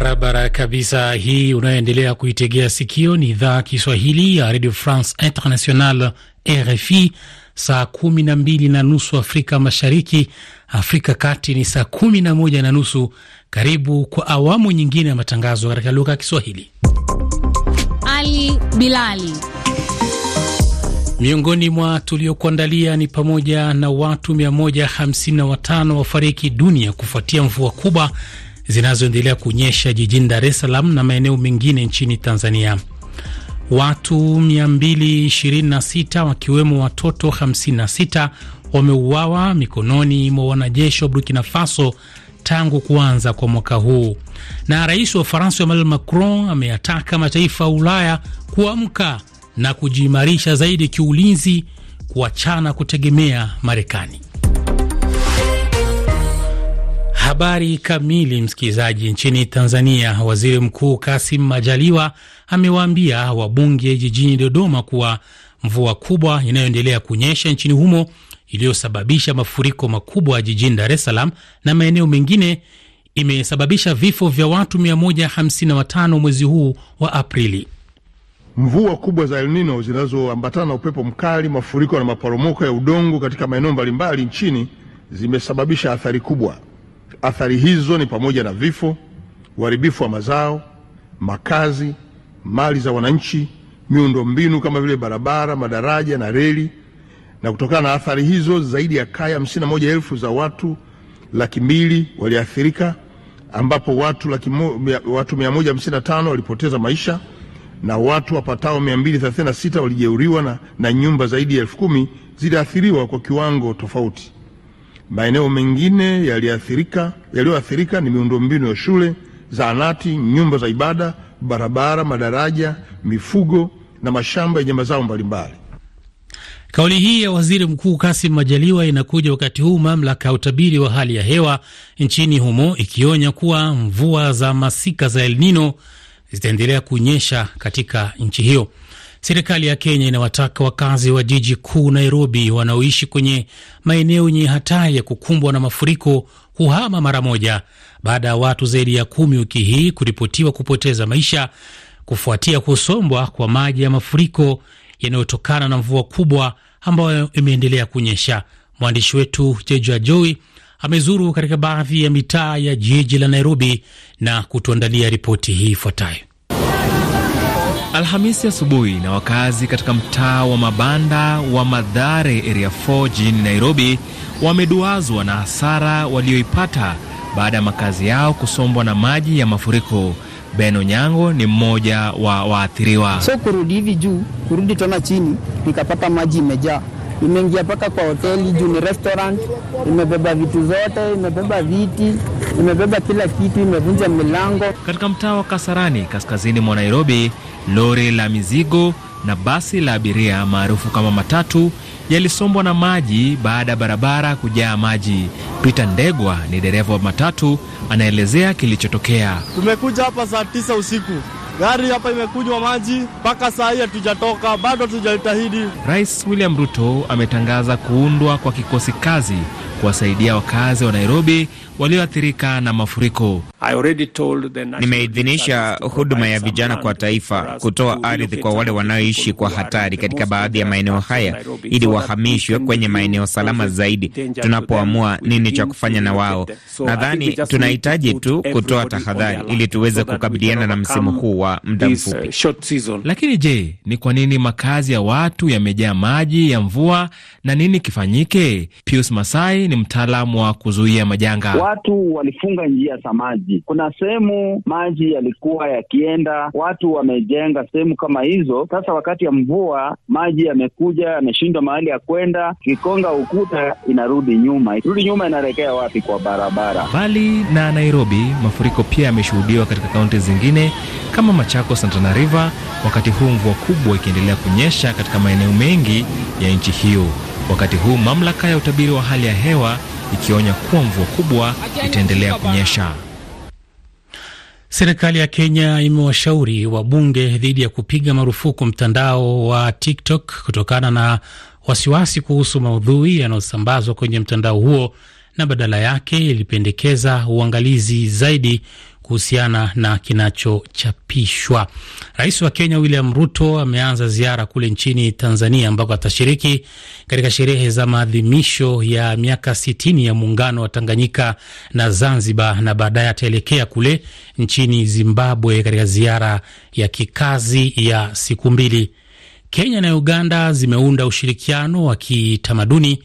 barabara kabisa. Hii unayoendelea kuitegea sikio ni idhaa Kiswahili ya Radio France International, RFI. Saa kumi na mbili na nusu Afrika Mashariki, Afrika Kati ni saa kumi na moja na nusu. Karibu kwa awamu nyingine ya matangazo katika lugha ya Kiswahili. Ali Bilali. Miongoni mwa tuliokuandalia ni pamoja na watu 155 wafariki dunia kufuatia mvua kubwa zinazoendelea kunyesha jijini Dar es Salaam na maeneo mengine nchini Tanzania. Watu 226 wakiwemo watoto 56 wameuawa mikononi mwa wanajeshi wa Burkina Faso tangu kuanza kwa mwaka huu. Na rais wa Ufaransa Emmanuel Macron ameyataka mataifa ya Ulaya kuamka na kujiimarisha zaidi kiulinzi, kuachana kutegemea Marekani. Habari kamili, msikilizaji. Nchini Tanzania, waziri mkuu Kasim Majaliwa amewaambia wabunge jijini Dodoma kuwa mvua kubwa inayoendelea kunyesha nchini humo iliyosababisha mafuriko makubwa jijini Dar es Salaam na maeneo mengine imesababisha vifo vya watu 155 mwezi huu wa Aprili. Mvua kubwa za El Nino zinazoambatana na upepo mkali, mafuriko na maporomoko ya udongo katika maeneo mbalimbali nchini zimesababisha athari kubwa. Athari hizo ni pamoja na vifo, uharibifu wa mazao, makazi, mali za wananchi, miundombinu kama vile barabara, madaraja na reli. Na kutokana na athari hizo, zaidi ya kaya hamsini na moja elfu za watu laki mbili waliathirika, ambapo watu laki mo, watu 155 walipoteza maisha na watu wapatao 236 walijeuriwa na, na nyumba zaidi ya elfu kumi ziliathiriwa kwa kiwango tofauti. Maeneo mengine yaliyoathirika yaliyoathirika ni miundombinu ya shule, zahanati, nyumba za ibada, barabara, madaraja, mifugo na mashamba yenye mazao mbalimbali. Kauli hii ya waziri mkuu Kasim Majaliwa inakuja wakati huu mamlaka ya utabiri wa hali ya hewa nchini humo ikionya kuwa mvua za masika za El Nino zitaendelea kunyesha katika nchi hiyo. Serikali ya Kenya inawataka wakazi wa jiji kuu Nairobi wanaoishi kwenye maeneo yenye hatari ya kukumbwa na mafuriko kuhama mara moja baada ya watu zaidi ya kumi wiki hii kuripotiwa kupoteza maisha kufuatia kusombwa kwa maji ya mafuriko yanayotokana na mvua kubwa ambayo imeendelea kunyesha. Mwandishi wetu Jeja Joi amezuru katika baadhi ya mitaa ya jiji la Nairobi na kutuandalia ripoti hii ifuatayo. Alhamisi asubuhi na wakazi katika mtaa wa mabanda wa Madhare area 4 jijini Nairobi wameduazwa na hasara walioipata baada ya makazi yao kusombwa na maji ya mafuriko. Beno Nyango ni mmoja wa waathiriwa. So kurudi hivi juu, kurudi tena chini, nikapata maji imejaa imeingia mpaka kwa hoteli juu ni restaurant, imebeba vitu zote, imebeba viti imebeba kila kitu, imevunja milango. Katika mtaa wa Kasarani, kaskazini mwa Nairobi, lori la mizigo na basi la abiria maarufu kama matatu yalisombwa na maji baada ya barabara kujaa maji. Peter Ndegwa ni dereva wa matatu, anaelezea kilichotokea. Tumekuja hapa saa tisa usiku Gari hapa imekunywa maji mpaka saa hii hatujatoka, bado hatujajitahidi. Rais William Ruto ametangaza kuundwa kwa kikosi kazi kuwasaidia wakazi wa Nairobi walioathirika na mafuriko. Nimeidhinisha huduma ya vijana kwa taifa kutoa ardhi kwa wale wanaoishi kwa hatari katika baadhi ya maeneo haya ili wahamishwe kwenye maeneo salama zaidi, tunapoamua nini cha kufanya na wao. Nadhani tunahitaji tu kutoa tahadhari ili tuweze kukabiliana na msimu huu wa muda mfupi. Uh, Lakini je, ni kwa nini makazi ya watu yamejaa maji ya mvua na nini kifanyike? Pius Masai ni mtaalamu wa kuzuia majanga. Watu walifunga njia za maji kuna sehemu maji yalikuwa yakienda, watu wamejenga sehemu kama hizo. Sasa wakati ya mvua maji yamekuja, yameshindwa mahali ya kwenda, kikonga ukuta, inarudi nyuma. Rudi nyuma inaelekea wapi? Kwa barabara. Mbali na Nairobi, mafuriko pia yameshuhudiwa katika kaunti zingine kama machako Santana River, wakati huu mvua kubwa ikiendelea kunyesha katika maeneo mengi ya nchi hiyo. Wakati huu mamlaka ya utabiri wa hali ya hewa ikionya kuwa mvua kubwa itaendelea kunyesha. Serikali ya Kenya imewashauri wabunge dhidi ya kupiga marufuku mtandao wa TikTok kutokana na wasiwasi kuhusu maudhui yanayosambazwa kwenye mtandao huo, na badala yake ilipendekeza uangalizi zaidi kuhusiana na kinachochapishwa. Rais wa Kenya William Ruto ameanza ziara kule nchini Tanzania ambako atashiriki katika sherehe za maadhimisho ya miaka sitini ya muungano wa Tanganyika na Zanzibar, na baadaye ataelekea kule nchini Zimbabwe katika ziara ya kikazi ya siku mbili. Kenya na Uganda zimeunda ushirikiano wa kitamaduni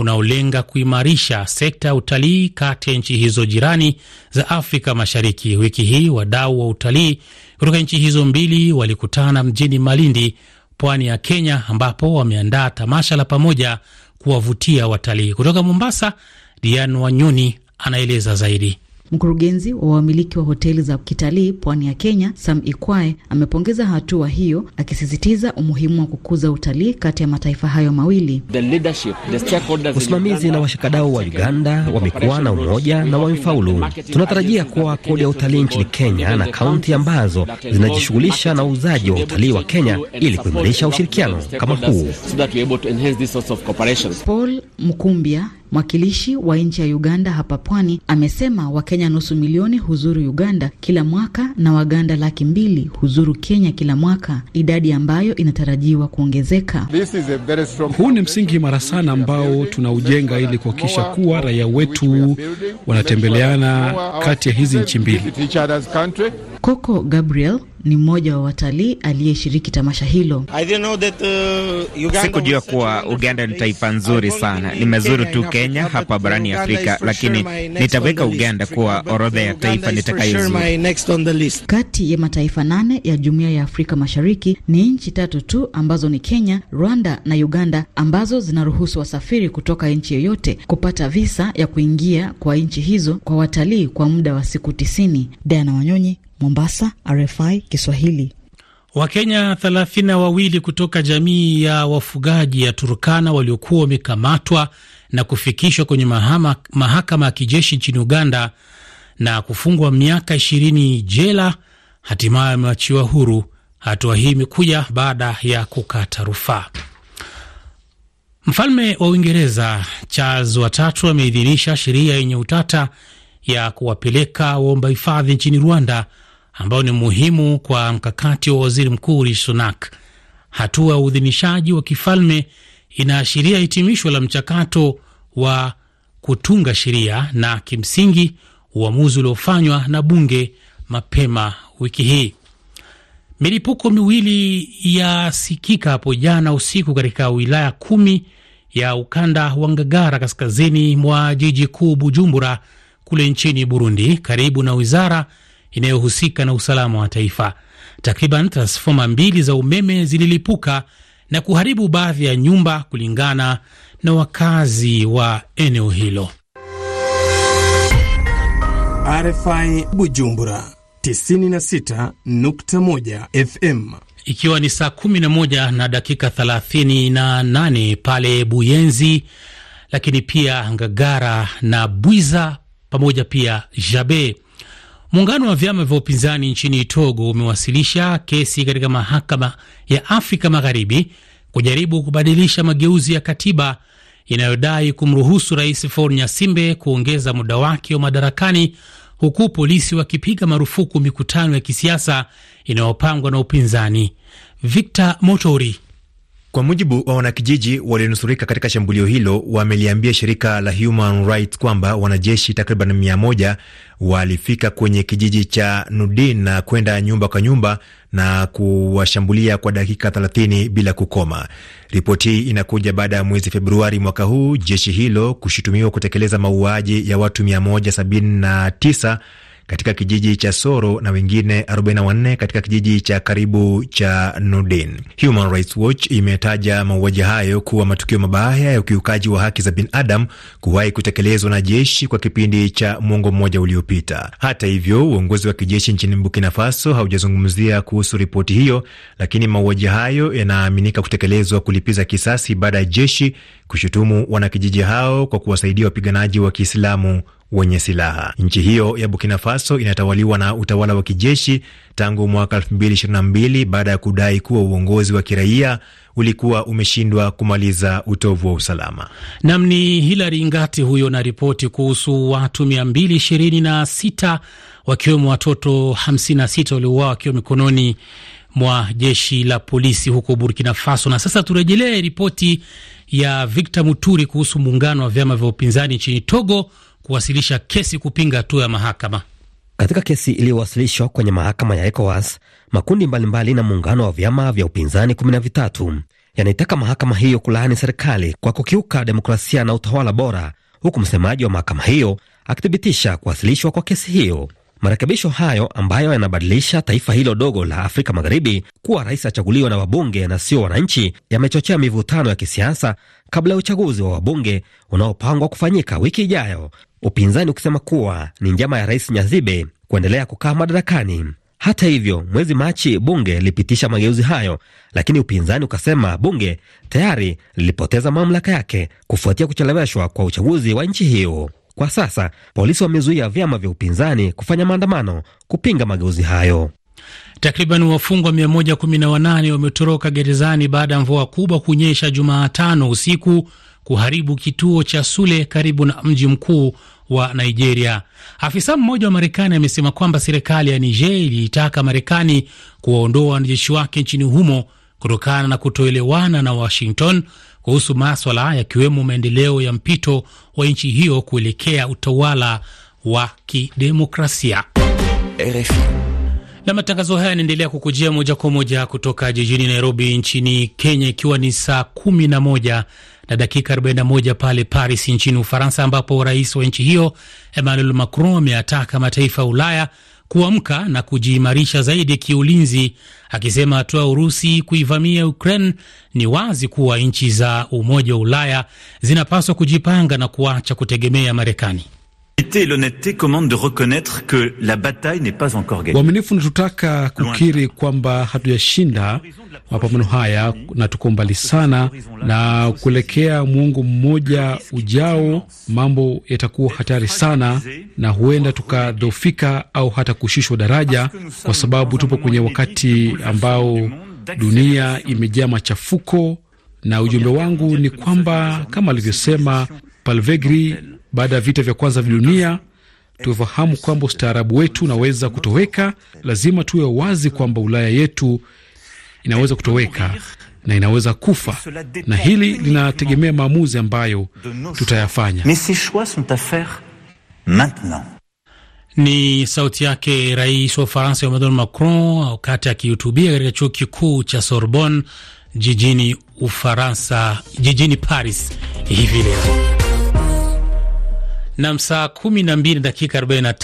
unaolenga kuimarisha sekta ya utalii kati ya nchi hizo jirani za Afrika Mashariki. Wiki hii wadau wa utalii kutoka nchi hizo mbili walikutana mjini Malindi, pwani ya Kenya, ambapo wameandaa tamasha la pamoja kuwavutia watalii. Kutoka Mombasa, dian Wanyoni anaeleza zaidi. Mkurugenzi wa wamiliki wa hoteli za kitalii pwani ya Kenya, Sam Ikwae, amepongeza hatua hiyo, akisisitiza umuhimu wa kukuza utalii kati ya mataifa hayo mawili. Usimamizi na washikadau wa Uganda wamekuwa na umoja na wamefaulu. Tunatarajia kuwa kodi ya utalii nchini Kenya na kaunti ambazo zinajishughulisha na uuzaji wa utalii wa Kenya ili kuimarisha ushirikiano kama huu. Paul Mkumbia Mwakilishi wa nchi ya Uganda hapa pwani amesema Wakenya nusu milioni huzuru Uganda kila mwaka na Waganda laki mbili huzuru Kenya kila mwaka, idadi ambayo inatarajiwa kuongezeka. Huu ni msingi imara sana ambao tunaujenga ili kuhakikisha kuwa raia wetu wanatembeleana kati ya hizi nchi mbili. Koko Gabriel ni mmoja wa watalii aliyeshiriki tamasha hilo. Uh, Sikujua kuwa Uganda ni taifa nzuri sana. Nimezuru tu Kenya hapa barani Afrika, lakini nitaweka Uganda kuwa orodha ya taifa nitakayozuru. Kati ya mataifa nane ya Jumuiya ya Afrika Mashariki ni nchi tatu tu ambazo ni Kenya, Rwanda na Uganda ambazo zinaruhusu wasafiri kutoka nchi yoyote kupata visa ya kuingia kwa nchi hizo kwa watalii kwa muda wa siku tisini. Diana Wanyonyi, Mombasa, RFI Kiswahili. Wakenya thelathini na wawili kutoka jamii ya wafugaji ya Turkana waliokuwa wamekamatwa na kufikishwa kwenye mahama, mahakama ya kijeshi nchini Uganda na kufungwa miaka ishirini jela hatimaye wameachiwa huru. Hatua hii imekuja baada ya kukata rufaa. Mfalme wa Uingereza Charles watatu ameidhinisha sheria yenye utata ya kuwapeleka waomba hifadhi nchini Rwanda ambao ni muhimu kwa mkakati wa waziri mkuu Rishi Sunak. Hatua ya uidhinishaji wa kifalme inaashiria hitimisho la mchakato wa kutunga sheria na kimsingi uamuzi uliofanywa na bunge mapema wiki hii. Milipuko miwili yasikika hapo jana usiku katika wilaya kumi ya ukanda wa Ngagara kaskazini mwa jiji kuu Bujumbura kule nchini Burundi, karibu na wizara inayohusika na usalama wa taifa. Takriban transfoma mbili za umeme zililipuka na kuharibu baadhi ya nyumba, kulingana na wakazi wa eneo hilo. RFI Bujumbura 96.1 FM, ikiwa ni saa 11 na dakika 38 pale Buyenzi, lakini pia Ngagara na Bwiza pamoja pia Jabe Muungano wa vyama vya upinzani nchini Togo umewasilisha kesi katika mahakama ya Afrika Magharibi kujaribu kubadilisha mageuzi ya katiba inayodai kumruhusu Rais Faure Nyasimbe kuongeza muda wake wa madarakani, huku polisi wakipiga marufuku mikutano ya kisiasa inayopangwa na upinzani. Victor Motori kwa mujibu wa wanakijiji walionusurika katika shambulio hilo, wameliambia shirika la Human Rights kwamba wanajeshi takriban mia moja walifika kwenye kijiji cha Nudin na kwenda nyumba kwa nyumba na kuwashambulia kwa dakika 30 bila kukoma. Ripoti hii inakuja baada ya mwezi Februari mwaka huu jeshi hilo kushutumiwa kutekeleza mauaji ya watu 179 katika kijiji cha Soro na wengine 44 katika kijiji cha karibu cha Nudin. Human Rights Watch imetaja mauaji hayo kuwa matukio mabaya ya ukiukaji wa haki za binadamu kuwahi kutekelezwa na jeshi kwa kipindi cha mwongo mmoja uliopita. Hata hivyo, uongozi wa kijeshi nchini Burkina Faso haujazungumzia kuhusu ripoti hiyo, lakini mauaji hayo yanaaminika kutekelezwa kulipiza kisasi baada ya jeshi kushutumu wanakijiji hao kwa kuwasaidia wapiganaji wa Kiislamu wenye silaha. Nchi hiyo ya Burkina Faso inatawaliwa na utawala wa kijeshi tangu mwaka 2022 baada ya kudai kuwa uongozi wa kiraia ulikuwa umeshindwa kumaliza utovu wa usalama. Nam ni Hilary Ngati huyo na ripoti kuhusu watu 226 wakiwemo watoto 56 waliouawa wakiwa mikononi mwa jeshi la polisi huko Burkina Faso. Na sasa turejelee ripoti ya Victor Muturi kuhusu muungano wa vyama vya upinzani nchini Togo kuwasilisha kesi kupinga hatua ya mahakama. Katika kesi iliyowasilishwa kwenye mahakama ya ECOWAS, makundi mbalimbali mbali na muungano wa vyama vya upinzani kumi na vitatu yanaitaka mahakama hiyo kulaani serikali kwa kukiuka demokrasia na utawala bora, huku msemaji wa mahakama hiyo akithibitisha kuwasilishwa kwa kesi hiyo. Marekebisho hayo ambayo yanabadilisha taifa hilo dogo la Afrika Magharibi kuwa rais achaguliwa na wabunge na sio wananchi, yamechochea mivutano ya kisiasa kabla ya uchaguzi wa wabunge unaopangwa kufanyika wiki ijayo, upinzani ukisema kuwa ni njama ya rais Nyazibe kuendelea kukaa madarakani. Hata hivyo, mwezi Machi bunge lilipitisha mageuzi hayo, lakini upinzani ukasema bunge tayari lilipoteza mamlaka yake kufuatia kucheleweshwa kwa uchaguzi wa nchi hiyo. Kwa sasa polisi wamezuia vyama vya upinzani kufanya maandamano kupinga mageuzi hayo. Takriban wafungwa 118 wametoroka gerezani baada ya mvua kubwa kunyesha Jumatano usiku kuharibu kituo cha Sule karibu na mji mkuu wa Nigeria. Afisa mmoja wa Marekani amesema kwamba serikali ya Niger iliitaka Marekani kuwaondoa wanajeshi wake nchini humo kutokana na kutoelewana na Washington kuhusu maswala yakiwemo maendeleo ya mpito wa nchi hiyo kuelekea utawala wa kidemokrasia. RFI na matangazo haya yanaendelea kukujia moja kwa moja kutoka jijini Nairobi nchini Kenya, ikiwa ni saa kumi na moja na dakika 41 pale Paris nchini Ufaransa, ambapo rais wa nchi hiyo Emmanuel Macron ameataka mataifa ya Ulaya kuamka na kujiimarisha zaidi kiulinzi, akisema hatua ya Urusi kuivamia Ukraine ni wazi kuwa nchi za Umoja wa Ulaya zinapaswa kujipanga na kuacha kutegemea Marekani et l'honnêteté commande de reconnaître que la bataille n'est pas encore gagnée. Waaminifu natutaka kukiri kwamba hatujashinda mapambano haya na tuko mbali sana, na kuelekea mwongo mmoja ujao mambo yatakuwa hatari sana, na huenda tukadhofika au hata kushushwa daraja, kwa sababu tupo kwenye wakati ambao dunia imejaa machafuko, na ujumbe wangu ni kwamba kama alivyosema Palvegri baada ya vita vya kwanza vya dunia tufahamu kwamba ustaarabu wetu unaweza kutoweka. Lazima tuwe wazi kwamba Ulaya yetu inaweza kutoweka na inaweza kufa, na hili linategemea maamuzi ambayo tutayafanya. Ni sauti yake Rais wa Ufaransa Emmanuel Macron wakati akihutubia katika chuo kikuu cha Sorbonne jijini Ufaransa, jijini Paris hivi leo na saa 12 dakika